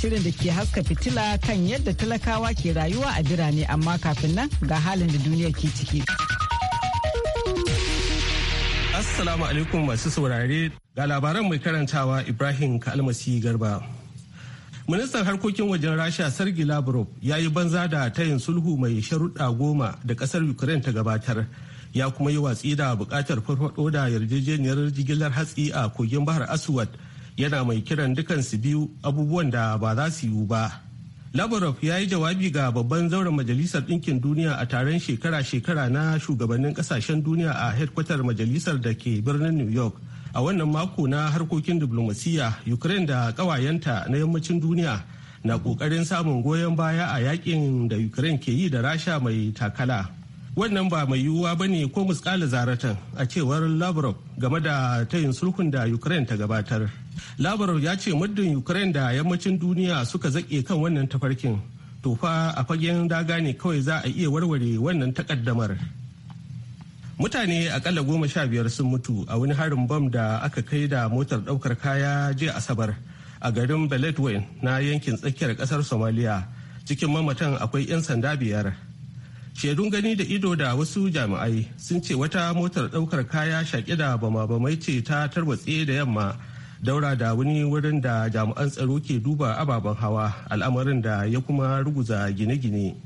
shirin da ke haska fitila kan yadda talakawa ke rayuwa a birane amma kafin nan ga halin da duniya ke ciki. Assalamu alaikum masu saurare ga labaran mai karantawa Ibrahim Kalmasi Garba. Ministan harkokin wajen Rasha Sergi Lavrov ya yi banza da tayin sulhu mai sharuɗa goma da ƙasar Ukraine ta gabatar. ya kuma yi watsi da buƙatar farfaɗo da yarjejeniyar jigilar hatsi a kogin bahar aswad yana mai kiran su biyu abubuwan da ba za su yiwu ba lavrov ya yi jawabi ga babban zauren majalisar ɗinkin duniya a taron shekara-shekara na shugabannin ƙasashen duniya a hedkwatar majalisar da ke birnin new york a wannan mako na harkokin diplomasiya ukraine da ƙawayenta na yammacin duniya na ƙoƙarin samun goyon baya a yakin da ukraine ke yi da rasha mai takala wannan ba mai yiwuwa ba ne ko muskala zaratan a cewar lavrov game da tayin sulhun da ukraine ta gabatar lavrov ya ce muddin ukraine da yammacin duniya suka zaƙe kan wannan tafarkin to fa a fagen daga ne kawai za a iya warware wannan takaddamar mutane akalla goma sha biyar sun mutu a wani harin bam da aka kai da motar ɗaukar kaya jiya asabar a garin beledweyne na yankin tsakiyar ƙasar somaliya cikin mamatan akwai 'yan sanda biyar shaidun gani da ido da wasu jami'ai sun ce wata motar daukar kaya shaƙi da bama-bamai ce ta tarwatse da yamma daura da wani wurin da jami'an tsaro ke duba ababen hawa al'amarin da ya kuma ruguza gine-gine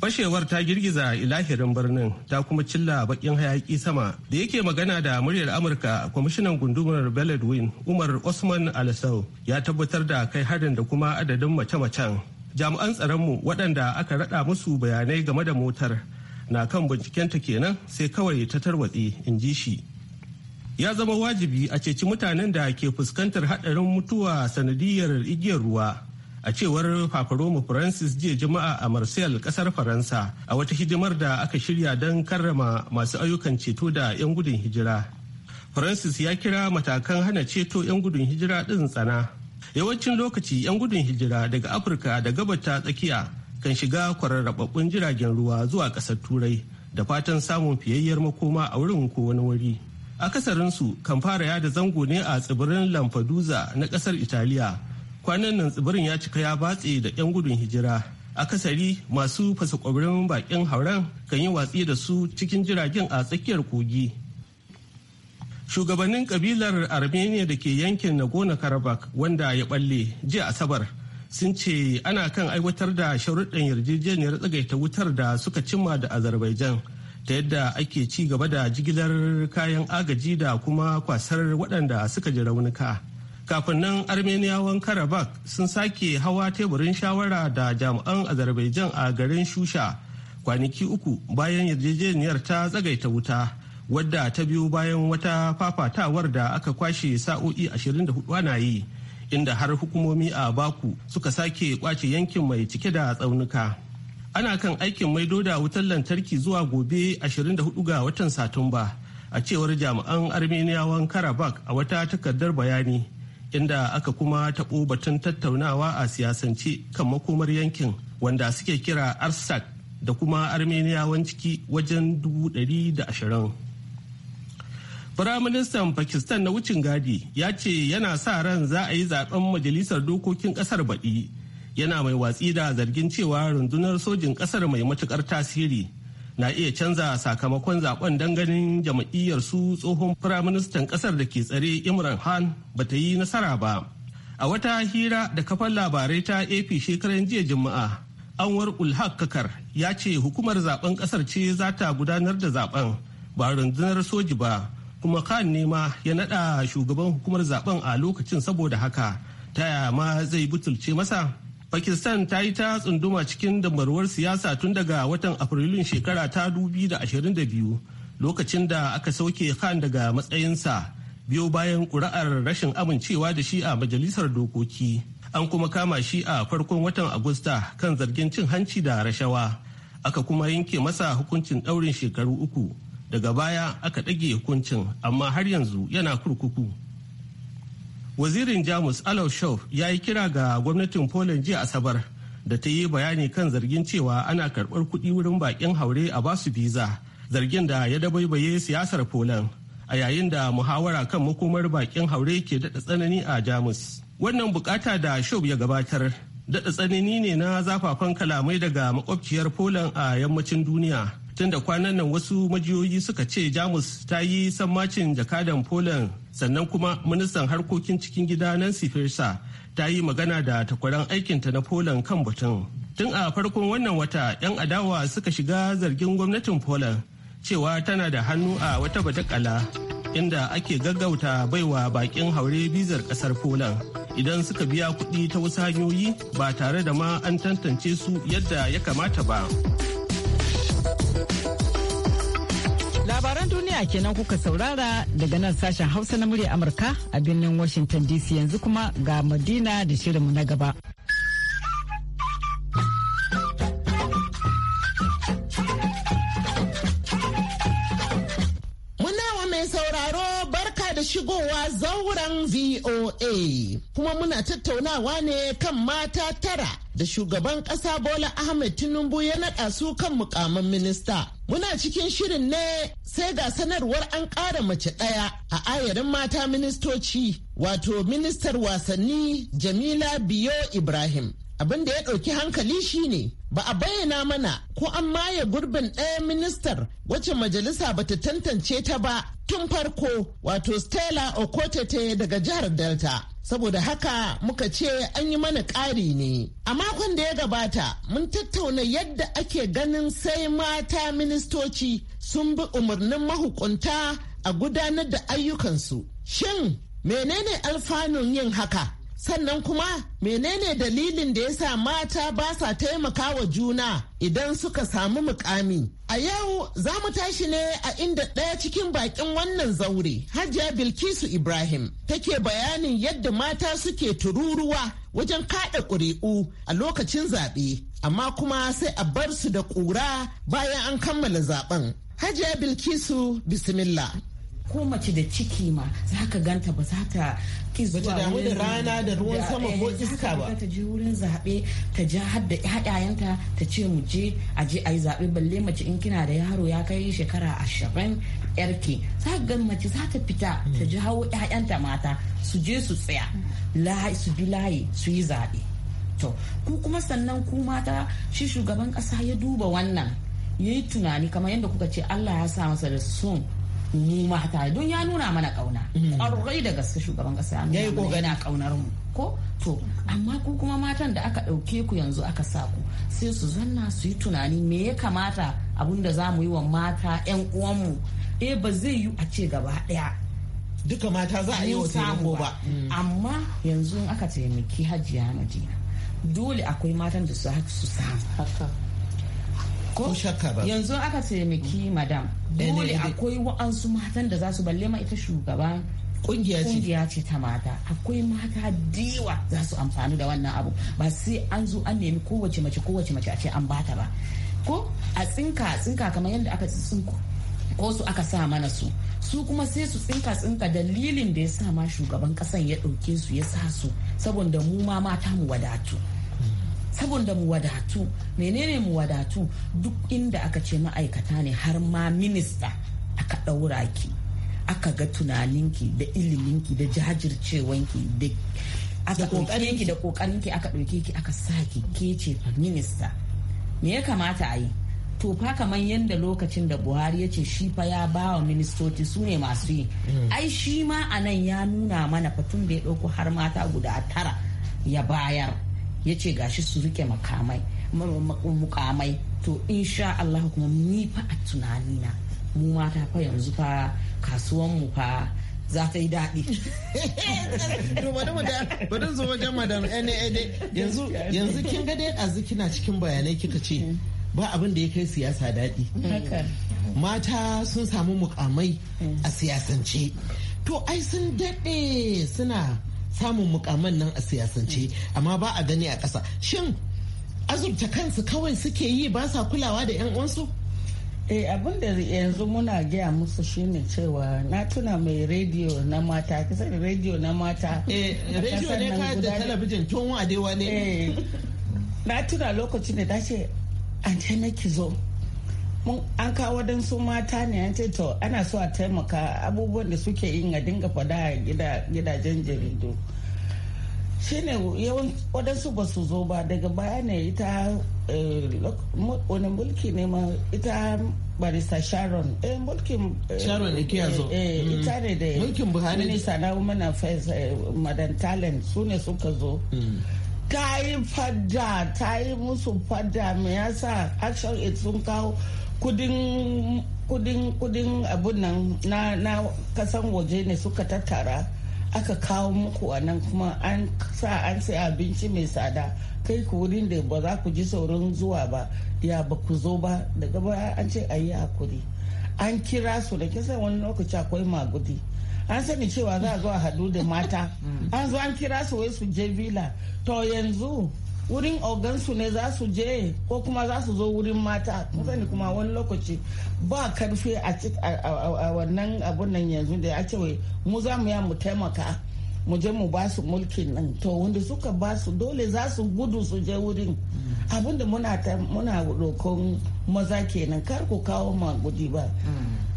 fashewar ta girgiza ilahirin birnin ta kuma cilla bakin hayaki sama da yake magana da muryar amurka kwamishinan gundumar beladwin umar osman alasau ya tabbatar da kai hadin da kuma adadin mace-macen jami'an tsaronmu waɗanda aka raɗa musu bayanai game da motar na kan bincikenta kenan sai kawai ta tarwatse in ji shi ya zama wajibi a ceci mutanen da ke fuskantar haɗarin mutuwa sanadiyar igiyar ruwa a cewar Paparoma Francis jiya Juma'a a Marseille kasar Faransa a wata hidimar da aka shirya don karrama masu ayyukan ceto da 'yan gudun hijira. Francis ya kira matakan hana ceto 'yan gudun hijira ɗin tsana yawancin lokaci 'yan gudun hijira daga afirka da gabata tsakiya kan shiga kwararrababbun jiragen ruwa zuwa ƙasar turai da fatan samun fiyayyar makoma a wurin ko wani wuri akasarinsu kan fara yada zango ne a tsibirin lamfaduza na ƙasar italiya kwanan nan tsibirin ya cika ya batse da 'yan gudun hijira akasari masu fasa kwabirin bakin hauren kan yi watsi da su cikin jiragen a tsakiyar kogi shugabannin kabilar armenia da ke yankin nagorno-karabakh wanda ya balle jiya asabar sun ce ana kan aiwatar da sharuɗan yarjejeniyar tsagaita wutar da suka cimma da azerbaijan ta yadda ake ci gaba da jigilar kayan agaji da kuma kwasar waɗanda suka ji raunuka kafin nan armeniyawan karabakh sun sake hawa teburin shawara da jami'an azerbaijan a garin shusha kwanaki uku bayan yarjejeniyar ta tsagaita wuta wadda ta biyo bayan wata fafatawar da aka kwashe sa'o'i 24 ana yi inda har hukumomi a baku suka sake kwace yankin mai cike da tsaunuka ana kan aikin maido da wutar lantarki zuwa gobe 24 ga watan satumba a cewar jami'an armeniyawan karabak a wata takardar bayani inda aka kuma taɓo batun tattaunawa a siyasance kan makomar yankin wanda suke kira arsak da kuma armeniyawan ciki wajen 120 Firaministan Pakistan na wucin gadi ya ce yana sa ran za a yi zaben majalisar dokokin kasar baɗi. Yana mai watsi da zargin cewa rundunar sojin kasar mai matukar tasiri na iya canza sakamakon zaben don ganin jam'iyyar su tsohon firaministan kasar da ke tsare Imran Khan ba ta yi nasara ba. A wata hira da kafan labarai ta AP shekaran jiya Juma'a, Anwar Ulhaq Kakar ya ce hukumar zaben kasar ce za ta gudanar da zaben ba rundunar soji ba kuma khan ne ma ya nada shugaban hukumar zaben a lokacin saboda haka taya ma zai butulce masa pakistan ta yi ta tsunduma cikin damarwar siyasa tun daga watan afrilun shekara ta biyu lokacin da aka sauke khan daga matsayinsa biyo bayan ƙuri'ar rashin amincewa da shi a majalisar dokoki an kuma kama shi a farkon watan agusta kan zargin cin hanci da rashawa aka kuma yanke masa hukuncin ɗaurin shekaru uku daga baya aka ɗage hukuncin amma har yanzu yana kurkuku wazirin jamus alaw shaw ya yi kira ga gwamnatin poland jiya asabar da ta yi bayani kan zargin cewa ana karɓar kuɗi wurin baƙin haure a basu biza zargin da ya dabaibaye siyasar poland a yayin da muhawara kan makomar baƙin haure ke daɗa tsanani a jamus wannan bukata da shaw ya gabatar daɗa tsanani ne na zafafan kalamai daga makwabciyar poland a yammacin duniya tunda kwanan nan wasu majiyoyi suka ce jamus ta yi sammacin jakadan poland sannan kuma ministan harkokin cikin gida nancy faeser ta yi magana da takwaran aikinta na poland kan batun tun a farkon wannan wata 'yan adawa suka shiga zargin gwamnatin poland cewa tana da hannu a wata batakala inda ake gaggauta baiwa bakin haure bizar kasar poland idan suka biya kuɗi ta wasu hanyoyi ba tare da ma an tantance su yadda ya kamata ba. Labaran duniya kenan kuka saurara daga nan sashen Hausa na murya Amurka a birnin Washington DC yanzu kuma ga Madina da shirinmu na gaba. zauren VOA. Kuma muna tattaunawa ne kan mata tara da shugaban ƙasa Bola Ahmed Tinubu ya naɗa su kan mukamin minista. Muna cikin shirin ne sai ga sanarwar an ƙara mace ɗaya a ayarin mata ministoci, wato ministar wasanni Jamila Biyo Ibrahim abin da ya ɗauki hankali shine ba a bayyana mana ko an maye gurbin ɗaya ministar wacce majalisa ba ta tantance ta ba tun farko wato stella okotete daga jihar delta saboda haka muka ce an yi mana ƙari ne a makon da ya gabata mun tattauna yadda ake ganin sai mata ministoci sun bi umarnin mahukunta a gudanar da ayyukansu shin menene alfanun yin haka sannan kuma menene dalilin da ya sa mata ba sa taimaka wa juna idan suka samu mukami a yau za mu tashi ne a inda ɗaya cikin bakin wannan zaure hajiya bilkisu ibrahim take bayanin yadda mata suke tururuwa wajen kaɗa ƙuri'u a lokacin zaɓe amma kuma sai a bar su da ƙura bayan an kammala zaɓen hajiya bilkisu bismillah ko mace da ciki ma za ka ganta ba za ta ki zuwa damu da rana da ruwan sama ko iska ba ta je wurin zaɓe ta ja har da ƴaƴayenta ta ce mu je a je a yi zaɓe balle mace in kina da yaro ya kai shekara ashirin yarki za ka gan mace za ta fita ta hmm. ji hawo ƴaƴanta mata su je su tsaya su bi layi su yi zaɓe to ku kuma sannan ku mata shi shugaban ƙasa ya duba wannan ya yi tunani kamar yadda kuka ce Allah ya sa masa da son mu mata don ya nuna mana kauna mm. ƙwarai da gaske shugaban kasa ya yi kokana kaunar mu ko to amma ku kuma matan da aka ɗauke ku yanzu aka sa ku sai su zanna su yi tunani me ya kamata abun da za mu yi wa mata 'yan uwanmu e eh, ba zai yi a ce gaba ɗaya duka mata za a yi wa taimako ba mm. amma yanzu aka taimaki hajiya madina dole akwai matan da su su samu ko shakka ba yanzu aka taimaki madam dole akwai wa'ansu matan da za su balle ma ita shugaban kungiya ce ce ta mata akwai mata diwa za su amfani da wannan abu ba sai an zo an nemi kowace mace kowace mace a ce an bata ba ko a tsinka tsinka kamar yadda aka tsinku ko su aka sa mana su su kuma sai su tsinka tsinka dalilin da ya sa ma shugaban kasan ya ɗauke su ya sa su saboda mu ma mata mu wadatu saboda mu wadatu menene mu wadatu duk inda aka ce ma'aikata ne har ma minista aka ɗaura ki aka ga tunaninki da iliminki da jajircewanki da aka da ƙoƙarinki aka ɗauke ki aka saki ke ce minista me ya kamata a yi to fa kamar yadda lokacin da buhari ya ce shi fa ya ba wa ministoci su ne masu yi mm. ai shi ma a nan ya nuna mana fatun da ya ɗauko har mata guda tara ya bayar ya ce gashi su rike makamai mukamai to insha Allah kuma ni fa a tunanina mu mata fa yanzu fa kasuwan mu fa za ta yi daɗi. Bari zo wajen madam yanzu yanzu kin ga dai ɗazu kina cikin bayanai kika ce ba abin da ya kai siyasa daɗi. Mata sun samu mukamai a siyasance. To ai sun daɗe suna samun mukaman nan a siyasance amma ba a gani a ƙasa shin azurta kansu kawai suke yi ba sa kulawa da 'yan uwansu eh abin da yanzu muna gaya musu shine cewa na tuna mai rediyo na mata kisa da rediyo na mata eh rediyo ne ka da talabijin tun wadewa ne eh, na tuna lokacin da ta ce an ki zo an kawo don su mata ne an ce to ana so a taimaka abubuwan da suke yin a dinga fada a gidajen jaridu shine yawan waɗansu ba su zo ba daga baya ne ita eh, wani mulki ne ma ita barista sharon eh mulkin eh, sharon ya zo eh, mm-hmm. ita ne da mulkin buhari minista na women affairs madan talent su ne suka zo mm. ta yi fada ta yi musu fada me yasa action it sun kawo kudin kudin kudin abun nan na na kasan waje ne suka tattara aka kawo muku a nan kuma an sa an sai abinci mai tsada kai ku wurin da ba za ku ji saurin zuwa ba ya ba ku zo ba daga baya an ce a yi hakuri an kira su da kisa wani lokaci akwai magudi an sani cewa za a zo a hadu da mata mm. an zo an kira su wai su je vila to yanzu wurin ogansu ne za su je ko kuma za su zo wurin mata sani kuma wani lokaci ba karfi a wannan abun nan yanzu da ya ce wai mu za mu ya mu taimaka mu je mu basu mulkin nan to wanda suka basu dole za su gudu su je wurin abinda muna muna maza kenan kar ku kawo magudi ba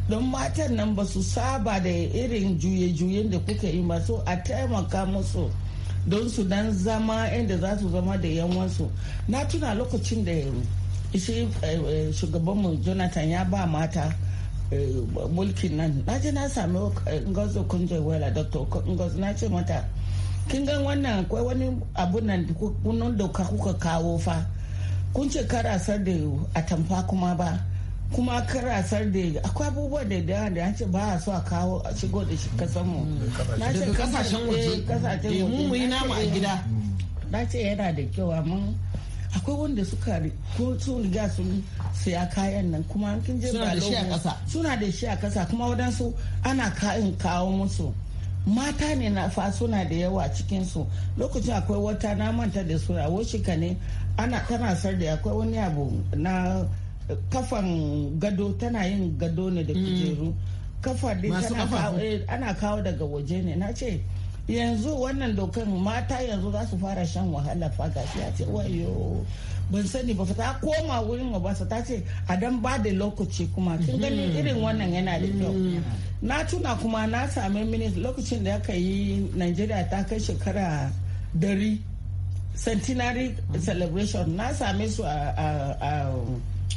don matan nan ba su saba da irin juye-juyen da kuka yi masu a taimaka musu don su dan zama inda za su zama da yanwansu na tuna lokacin da shi eh, eh, shugabanmu jonathan ya ba mata eh, mulkin nan na je na sami ngozi kunje wela dr ngozi na ce mata kin gan wannan akwai wani abu nan kuka kawo fa kun ce sar da atamfa kuma ba kuma karasar da akwai abubuwa da da da ce ba a so a kawo a shigo da shi kasan mu mm. na ce kasashen eh, waje kasashen eh, waje mu yi namu a eh. gida na ce yana da kyau amma akwai wanda suka ko sun riga sun siya kayan nan kuma an kin je ba suna da shi a kasa kuma wadansu ana kayan kawo musu mata ne na fa suna da yawa cikin su lokacin akwai wata na manta da su a ka ne ana tana sar da akwai wani abu na kafan gado tana yin gado ne da kujeru mm. kafa eh, ana kawo daga waje ne na ce yanzu wannan dokan mata yanzu za su fara shan wahala faga shi a ce wayo ban sani ba ta koma wurin ba obasa ta ce a dan ba da lokaci kuma kin gani mm-hmm. irin wannan yana da kyau mm-hmm. na tuna kuma na sami minis lokacin da aka yi najeriya ta kai shekara dari centenary celebration na same su a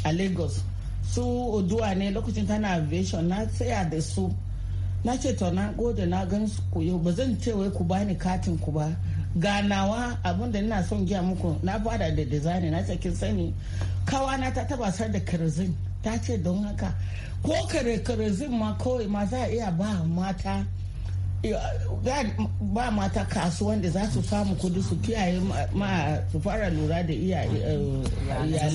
a lagos su oduwa ne lokacin tana aviation na tsaya da su na ce to na gode na gan su ku yau ba zan ce wai ku bani katin ku ba ganawa abinda ina son giya muku na fada da design na cikin sani kawana ta taba sar da kerosene ta ce don haka ko kare kerosene ma kawai ma za a iya ba mata ba mata kasuwan da za su samu kudi su kiyaye ma su fara lura da eh,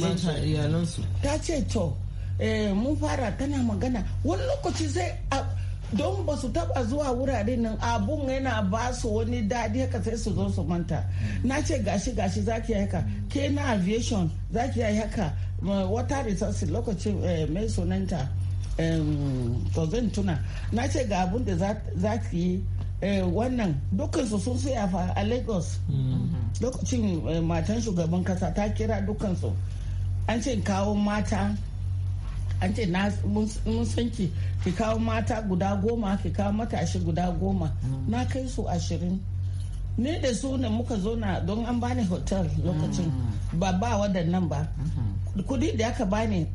iyalansu ta ce to eh, mun fara tana magana wani lokaci zai don ba su taba zuwa wurare nan abun yana ba su wani daɗi haka sai su zo su manta na ce gashi gashi za ki haka ke na aviation za ki haka wata resursi lokacin eh, mai sunanta to zan tuna na ce ga abun da za ki yi eh, wannan dukansu sun saya fa a lagos mm-hmm. lokacin eh, matan shugaban kasa ta kira dukansu an ce kawo mata an ce mun san ki kawo mata guda goma ki kawo matashi guda goma mm. na kai su ashirin ne da su muka zauna don an bani hotel lokacin mm. ba ba waɗannan ba mm-hmm. kudi da aka bani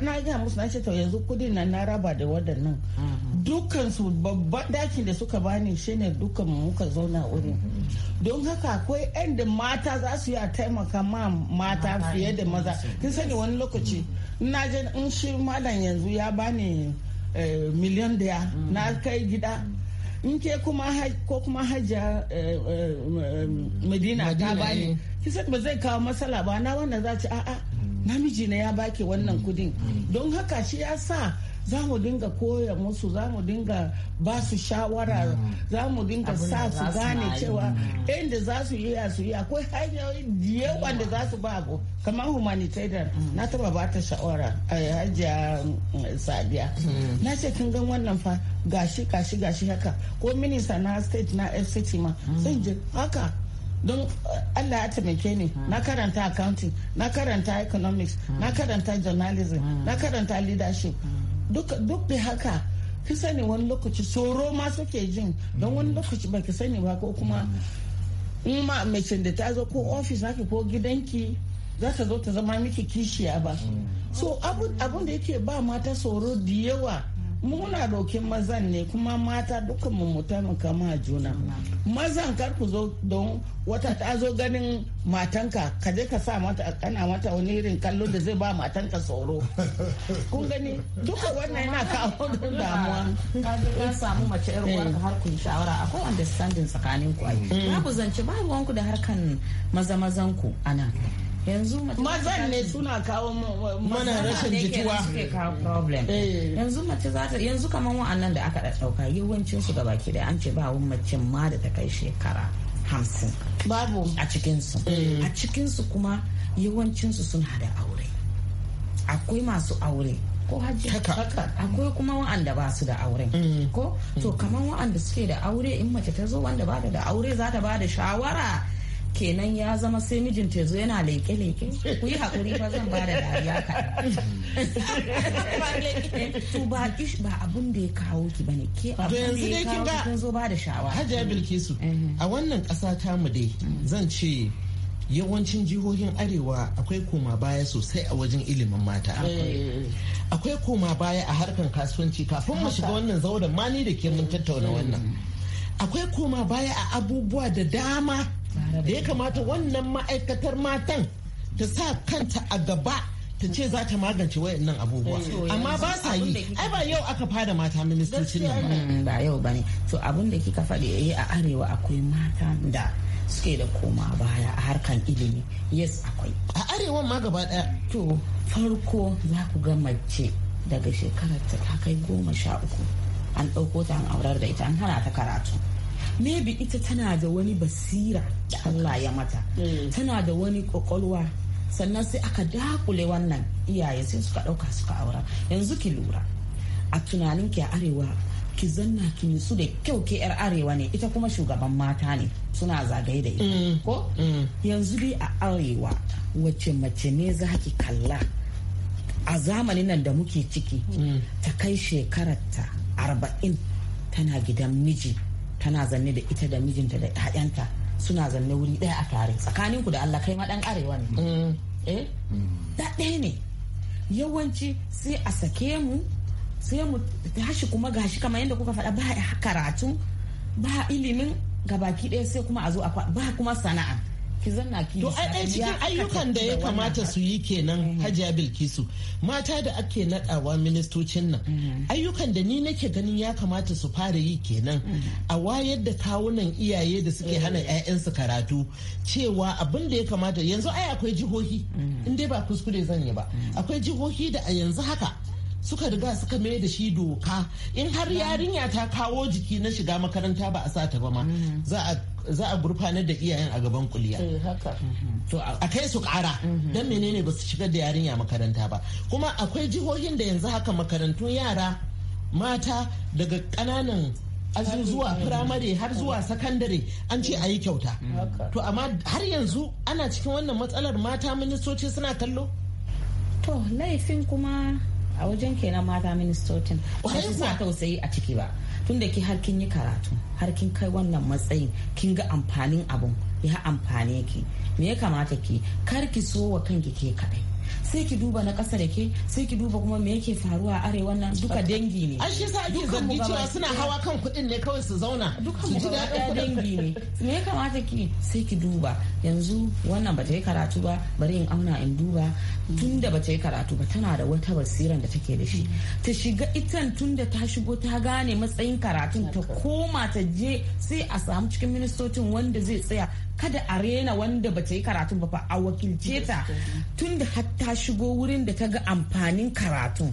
na ga musu na ce to yanzu kudi na na raba da waɗannan mm-hmm. dukkan su babban dakin da suka bani shine dukkan muka zauna wuri mm-hmm. don haka akwai yan da mata za su yi a taimaka ma mata fiye da maza kin sani wani lokaci na je in shi malam yanzu ya bani eh, miliyan daya na kai gida in ke kuma ko kuma hajja eh, eh, madina ta bani eh. kisa ba zai kawo matsala ba na wannan za ci a'a namiji na ya baki wannan kudin mm. don haka shi ya sa za mu dinga koya musu za mu dinga ba su shawara mm. za mu dinga sa su gane cewa mm. inda za su yi su yi akwai hanyoyi da yawa da za su ba ku kamar humanitarian na taba ba ta shawara a hajiya sadiya na ce kin gan wannan fa gashi gashi gashi haka ko minista na state na fct ma sai je haka don eh, allah ya taimake ni hmm. na karanta accounting na karanta economics hmm. na karanta journalism hmm. na karanta leadership duk da haka ki sani wani lokaci tsoro ma suke jin don wani lokaci ba ki sani ba ko kuma in ma mace da ta zo ko ofis naki ko gidanki za ta zo ta zama miki kishiya ba so abun da yake ba mata tsoro da yawa muna dokin mazan ne kuma mata dukkan mu taimaka ma juna mazan kar ku zo don wata ta zo ganin matanka ka je ka sa mata kana mata wani irin kallo da zai ba matanka tsoro kun gani duka wannan yana kawo don damuwa ka samu mace yar uwarka eh. har ku shawara akwai understanding tsakanin ku ai mm. ku zance ba ku da harkan maza mazan ku ana yanzu mazan ne suna kawo mana rashin jituwa eh. yanzu mace za ta yanzu kamar wa'annan da aka ɗauka yawancin su gaba ke da an ce ba wani mace ma da ta kai shekara hamsin babu a cikinsu eh. a cikinsu kuma yawancinsu suna da aure akwai masu aure ko hajji akwai kuma wa'anda ba su da auren mm. ko to mm. kamar wa'anda suke da aure in mace ta zo wanda ba da aure za ta ba da shawara kenan ya zama sai mijinta zo yana leke-leke ku yi hakuri ba zan ba da dariya ka to ba kish ba abun da ya kawo ki bane ke abun da ya kawo kun zo ba da shawara hajiya bilkisu eh. a wannan ƙasa ta mu dai zan ce yawancin jihohin arewa akwai koma baya sosai a wajen ilimin mata eh. akwai koma baya a harkar kasuwanci kafin mu shiga wannan zauren ma ni da ke mun tattauna wannan mm. akwai koma baya a abubuwa da dama da ya kamata wannan ma'aikatar matan ta sa kanta a gaba ta ce za ta magance wayannan abubuwa amma ba sa yi ai ba yau aka fada mata ministocin nan ba mm, yau bane to abin da kika faɗi yayi eh, a arewa akwai mata da suke da koma baya a harkan ilimi yes akwai a arewa ma gaba daya to farko za ku ga mace daga shekarar ta kai goma sha uku an ɗauko ta an aurar da ita an hana ta karatu maybe ita tana da wani basira da Allah ya mata mm. tana da wani kwakwalwa sannan sai aka dakule wannan iyaye sai suka ɗauka suka aura yanzu ki lura a tunanin ki a arewa ki zanna ki nisu da kyau ke yar arewa ne ita kuma shugaban mata ne suna zagaye da ita mm. ko mm. yanzu dai a arewa wace mace ne za ki kalla a zamanin nan da muke ciki ta kai shekararta arba'in tana gidan miji tana zanne da ita da mijinta da 'ya'yanta suna zanne wuri ɗaya a tare tsakanin ku da Allah kai ma dan arewa ne mm. eh da ne yawanci sai a sake mu sai mu tashi kuma gashi kamar yadda kuka faɗa ba karatu ba ilimin gabaki ɗaya sai kuma a zo a ba kuma sana'a ki zanna ki to ai cikin ayyukan da ya kamata su yi kenan mm. hajiya bilkisu mata da ake nadawa ministocin nan mm. ayyukan da ni nake ganin ya kamata su fara yi kenan mm. a wayar da kawunan iyaye da suke hana 'ya'yansu eh. karatu cewa abin da ya kamata yanzu ai akwai jihohi in dai ba kuskure zan yi ba akwai jihohi da a yanzu haka suka riga suka mai da shi doka in har yarinya ta kawo jiki na shiga makaranta ba a sa ta ba ma mm. za a gurfanar da iyayen a gaban kuliya. Eh, mm-hmm. To A kai su kara mm-hmm. don menene ba su shigar da yarinya makaranta ba. Kuma akwai jihohin da yanzu haka makarantun yara mata daga ƙananan azuzuwa firamare har zuwa sakandare an ce a yi kyauta. Mm. To amma har yanzu ana cikin wannan matsalar mata ministoci suna kallo? To laifin kuma a wajen kenan mata ministocin ba shi sa tausayi a ciki ba tun da ki har kin yi karatu har kin kai wannan matsayin kin ga amfanin abun ya amfane ki me ya kamata ki kar ki so wa kanki ke kadai sai ki duba na ƙasa da ke sai ki duba kuma me yake faruwa a arewa nan duka dangi ne an shi sa ake zargi cewa suna hawa kan kuɗin ne kawai su zauna duka mu ɗaya dangi ne me ya kamata ki sai ki duba yanzu wannan bata yi karatu ba bari in auna in duba tunda bata yi karatu ba tana da wata basiran da take da shi ta shiga itan tunda ta shigo ta gane matsayin karatun ta koma ta je sai a samu cikin ministocin wanda zai tsaya kada a rena wanda bata yi karatun ba fa a wakilce ta tunda hatta shigo wurin da ta ga amfanin karatu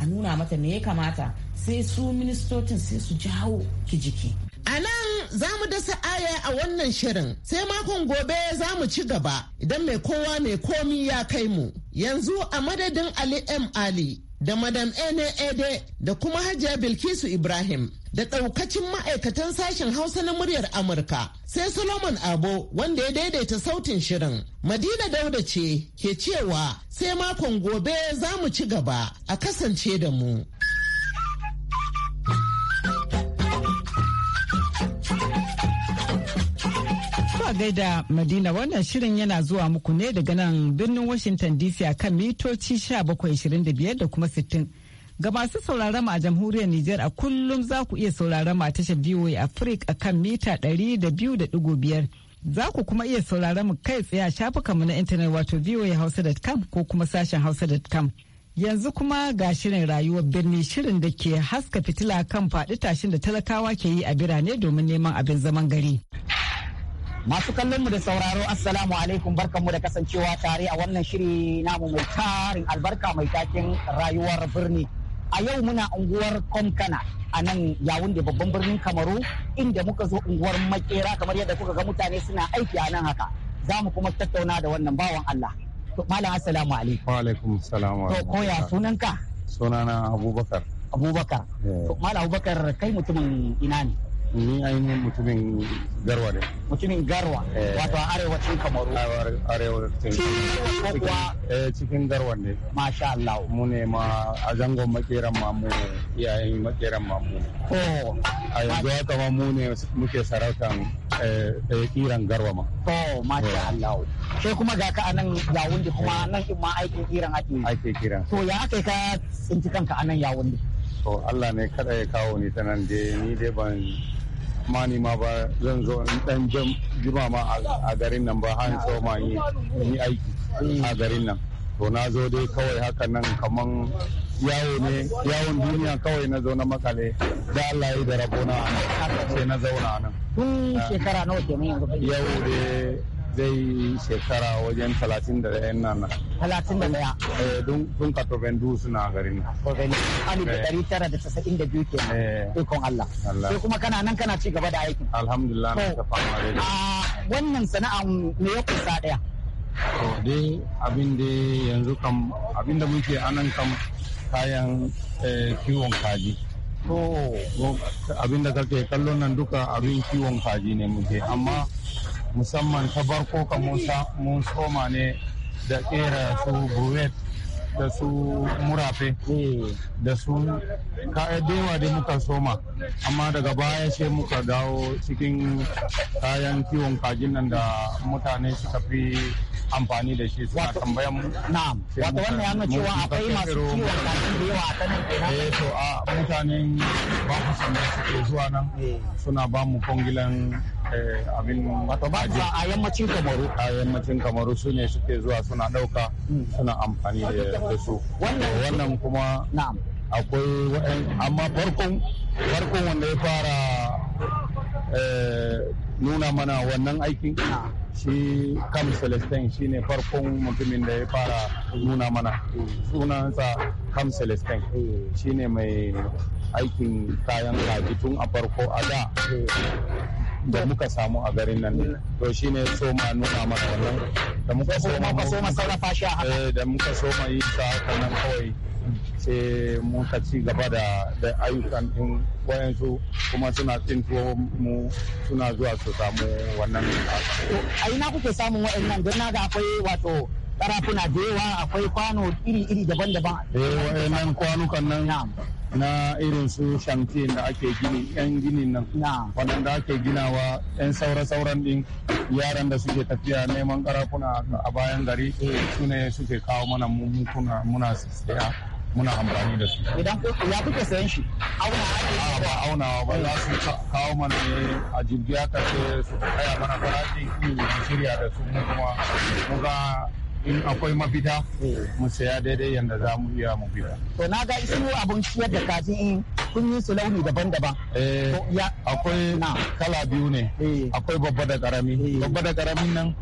a nuna mata me ya kamata sai su ministocin sai su jawo ki jiki a nan za mu dasa aya a wannan shirin sai makon gobe za mu ci gaba idan mai kowa mai komi ya kai mu yanzu a madadin ali m ali da madam ene ede da kuma hajiya bilkisu ibrahim da ɗaukacin ma'aikatan sashen hausa na muryar amurka sai solomon abo wanda ya daidaita sautin shirin madina dauda ce ke cewa sai makon gobe za mu ci gaba a kasance da mu da Madina wannan shirin yana zuwa muku ne daga nan birnin Washington DC a kan mitoci 1725 da kuma 60. Ga masu sauraron a jamhuriyar Nijar a kullum za ku iya sauraron a tashar VOA Africa a kan mita 200.5. Za ku kuma iya sauraron mu kai tsaye a shafukanmu na intanet wato voahausa.com ko kuma sashen hausa.com. Yanzu kuma ga shirin rayuwar birni shirin da ke haska fitila kan faɗi tashin da talakawa ke yi a birane domin neman abin zaman gari. Masu kallon mu da sauraro Assalamu alaikum mu da kasancewa tare a wannan shiri namu mai tarin albarka mai takin rayuwar birni. A yau muna unguwar Komkana a nan yawun da babban birnin Kamaru inda muka zo unguwar Makera kamar yadda kuka ga mutane suna aiki a nan haka. Za mu kuma tattauna da wannan bawan Allah. Malam Assalamu alaikum. Wa alaikum salam. To koya sunanka? Sunana Abubakar. Abubakar. Malam Abubakar kai mutumin ina ne? Ni ainihin mutumin garwa ne. Mutumin garwa eh. wato a arewacin Kamaru. Arewacin Kamaru. Eh, cikin garwa ne. Masha Allah. Mu ne ma a zangon makeran mamu iyayen makeran mamu. Oh. A yanzu haka ma mu ne muke sarautan eh, kiran garwa ma. Oh masha Allah. Sai kuma ga ka anan yawun kuma nan ma aikin kiran ake. Aiki kiran. To ya kai ka tsinci kanka anan yawun to Allah ne kada ya kawo ni ta nan dai ni dai ban mani ma ba zan zo in dan jima ma a garin nan ba har so ma yi aiki a garin nan to na zo dai kawai haka nan kaman yawo ne yawon duniya kawai na zo na makale da Allah ya da rabona sai na zauna nan tun ah. shekara nawa kenan yanzu yau dai zai shekara wajen 31 nan. 31? Eh, dun ka Provendu suna garin. Provendu, alif da eh. ɗari tara da casa'in da biyu kenan. Eh. Ikon Allah. Sai kuma kana nan kana ci gaba da aikin. Alhamdulillah na ta fama da Wannan sana'a me ya kusa ɗaya? To dai abin da yanzu kam abin da muke anan kam kayan eh, kiwon kaji. To abin da kake kallon nan duka abin kiwon kaji ne muke amma musamman ta barko ka musa mun soma ne da kera su buwet da su murafe da su kayan dewa da muka soma amma daga baya sai muka dawo cikin kayan kiwon kajin nan da mutane suka fi amfani da shi suna tambayan mu na'am wato wannan yana cewa akwai masu kiwon kajin da yawa ta nan kenan eh to a mutanen ba su suke zuwa nan eh. suna ba mu kongilan Eh, abin wato ba a yammacin kamaru a yammacin kamaru su ne suke zuwa suna ɗauka suna amfani da su wannan eh, kuma akwai amma farkon farkon wanda ya fara eh, nuna mana wannan aikin shi kam celestin shi ne farkon mutumin da ya fara nuna mana sunansa kam celestin shi ne mai aikin kayan kaji tun a farko a da da muka samu a garin nan to shine soma nuna maka wannan da muka soma ka soma sarrafa shi a haka eh, da muka soma yi ta haka kawai sai muka ci gaba da da ayyukan din wayansu kuma suna tsintuwa mu suna zuwa su samu wannan a ina kuke samun wayannan don na ga akwai wato karafuna da yawa akwai kwano iri-iri daban-daban. Eh nan kwanukan nan na irin su shanti da ake gini yan ginin nan da ake ginawa yan saura-sauran din yaran da suke tafiya neman karafuna a bayan gari eh. su ne suke kawo mana muna siya muna amfani da su idan ya kuke sayan shi aunawa ba auna ba za su kawo mana ne a jirgin ya ce su kaya mana farashi shirya da su mu kuma in akwai mafita mu saya daidai yadda za mu iya mu fita. To na ga isu abun ciyar da kaji in kun yi su launi daban-daban. Eh akwai kala biyu ne eh. akwai babba da karami eh. babba da karamin nan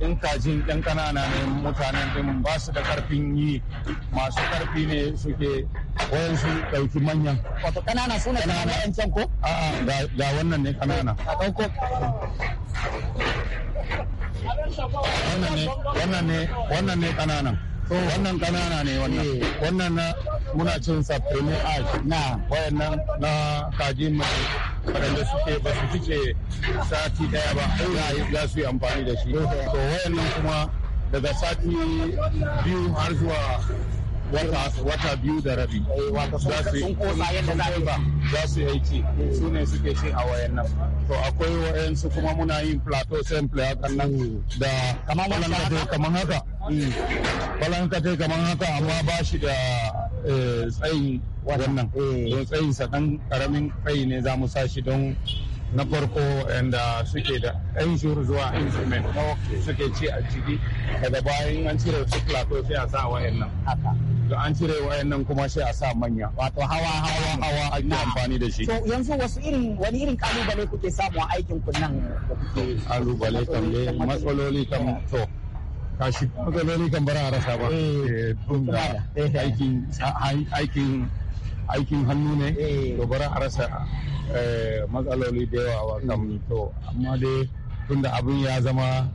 in kajin ɗan ƙanana ne mutanen ɗin ba su da karfin yi masu karfi ne suke wayan su ɗauki manyan. Wato ƙanana su ne ƙanana yan can ko? A'a ga wannan ne ƙanana. A ɗauko. wannan ne wannan ne kananan wannan kanana ne wannan eh. wannan na muna cin sa premium ash na wayannan na kaji mai waɗanda suke ba su fice sati daya ba za su yi amfani da shi eh. to wayannan kuma daga sati biyu har zuwa wata biyu da rabi eh, za su yi za su yi su ne suke ci a wayan nan to akwai wayan su kuma muna yin plateau simple a kan nan hmm. da kamar haka kamar haka hmm. kamar haka amma ba shi da eh, tsayin waɗannan eh. don tsayin sa ɗan ƙaramin tsayi ne za mu sa shi don na farko yadda suke da inshur zuwa instrument suke ci a ciki daga bayan an cire su plato sai a sa wayan nan to an cire wayan nan kuma sai a sa manya wato hawa hawa hawa ake amfani da shi to yanzu wasu irin wani irin kalubale kuke samu a aikin ku nan kalubale kan dai matsaloli kan to kashi matsaloli kan bara a rasa ba eh, eh, eh, aikin aikin aikin hannu ne eh. to bara a rasa eh, matsaloli da yawa a kamni to amma dai tunda abin ya zama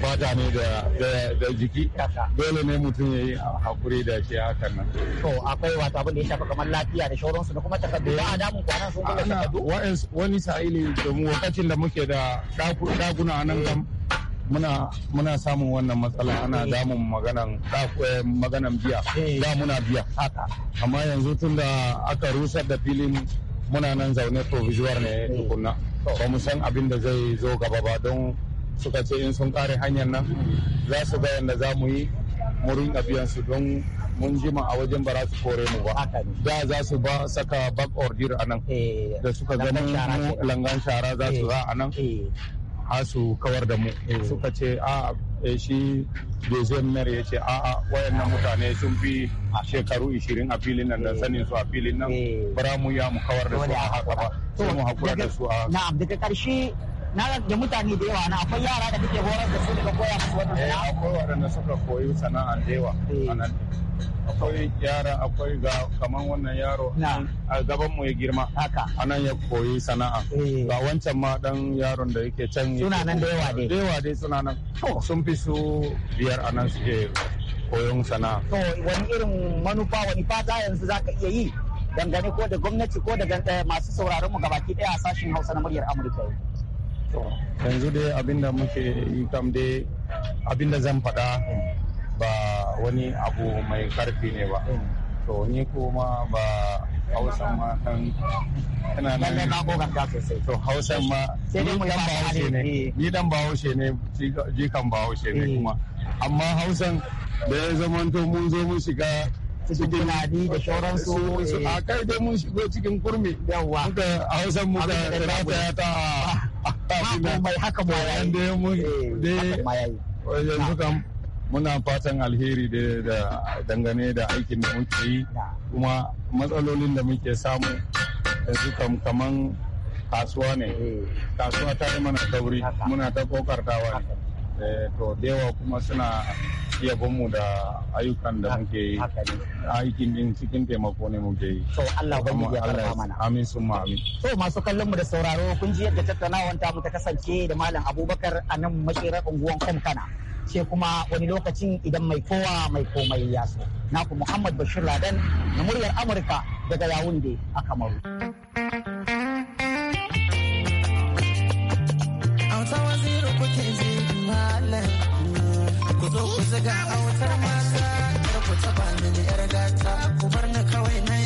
fata ne da jiki dole ne mutum ya yi hakuri da shi hakan nan. To akwai wata abin da ya shafa kamar lafiya da shauransu da kuma takardu ba a damun kwanan sun kuma takardu. Wani sa'ili domin wakacin da muke da daguna nan muna samun wannan matsala eh. ana damun maganan eh, maganan biya eh. da muna biya amma yanzu tun da aka rusar da filin muna nan zaune provisoire ne tukunna ba mu san abin da zai zo gaba ba don suka ce in sun kare hanyar nan za su ga yadda za mu yi mu abiyan su don mun jima a wajen ba su kore mu ba da za su ba saka back order a nan da suka zama langan shara za su za a nan har su kawar da mu eh. suka ce a eh, shi dozen mayor ya ce a'a wayannan mutane sun fi shekaru 20 a filin nan da sanin su a filin nan eh. bara mu ya mu kawar da su a haka ba sai mu hakura da su a na'am daga karshe na da mutane da yawa na akwai yara da kake horar da su daga koya musu wannan eh, sana'a akwai waɗanda suka koyi sana'a da yawa eh. anan akwai yara akwai ga kaman wannan yaro a gaban mu ya girma haka anan ya koyi sana'a eh. ga wancan ma dan yaron da yake can suna nan da yawa dai da yawa dai suna nan sun fi su biyar anan suke koyon sana'a to wani irin manufa wani fata yanzu zaka iya yi dangane ko da gwamnati ko da masu sauraron mu gabaki daya a sashen Hausa na muryar Amurka yanzu dai abinda muke yi kam dai abinda zan faɗa ba wani abu mai karfi ne ba to ni kuma ba hausan ma kan ina nan na kokanta sosai to hausan ma ni dai ba haushe ne eh. ni dan haushe ne ba haushe ne kuma eh. amma hausan da ya zamanto mun zo mun shiga cikin nadi da sauransu a kai dai mun shigo cikin kurmi yawa muka hausan muka rataya ta mai haka eh, yanzu kam muna fatan alheri da dangane da aikin da muke yi kuma matsalolin da muke samu yanzu kam kaman kasuwa ne eh. kasuwa ta yi mana tauri muna ta kokartawa ne eh, to dewa yawa kuma suna yabonmu da ayyukan da muke yi aikin din cikin taimako ne muke yi to Allah ubangiji ya karba mana amin ma amin to masu kallon mu da sauraro kun ji yadda tattaunawar ta mu ta kasance da malam Abubakar a nan mashirar unguwan Kankana sai kuma wani lokacin idan mai kowa mai komai ya so na ku Muhammad Bashir Ladan na muryar Amurka daga Yaounde a Kamaru Auta waziri kuke zai malam zuga a wutar mata, kar ku taba mini 'yar gata, ku bar ni kawai na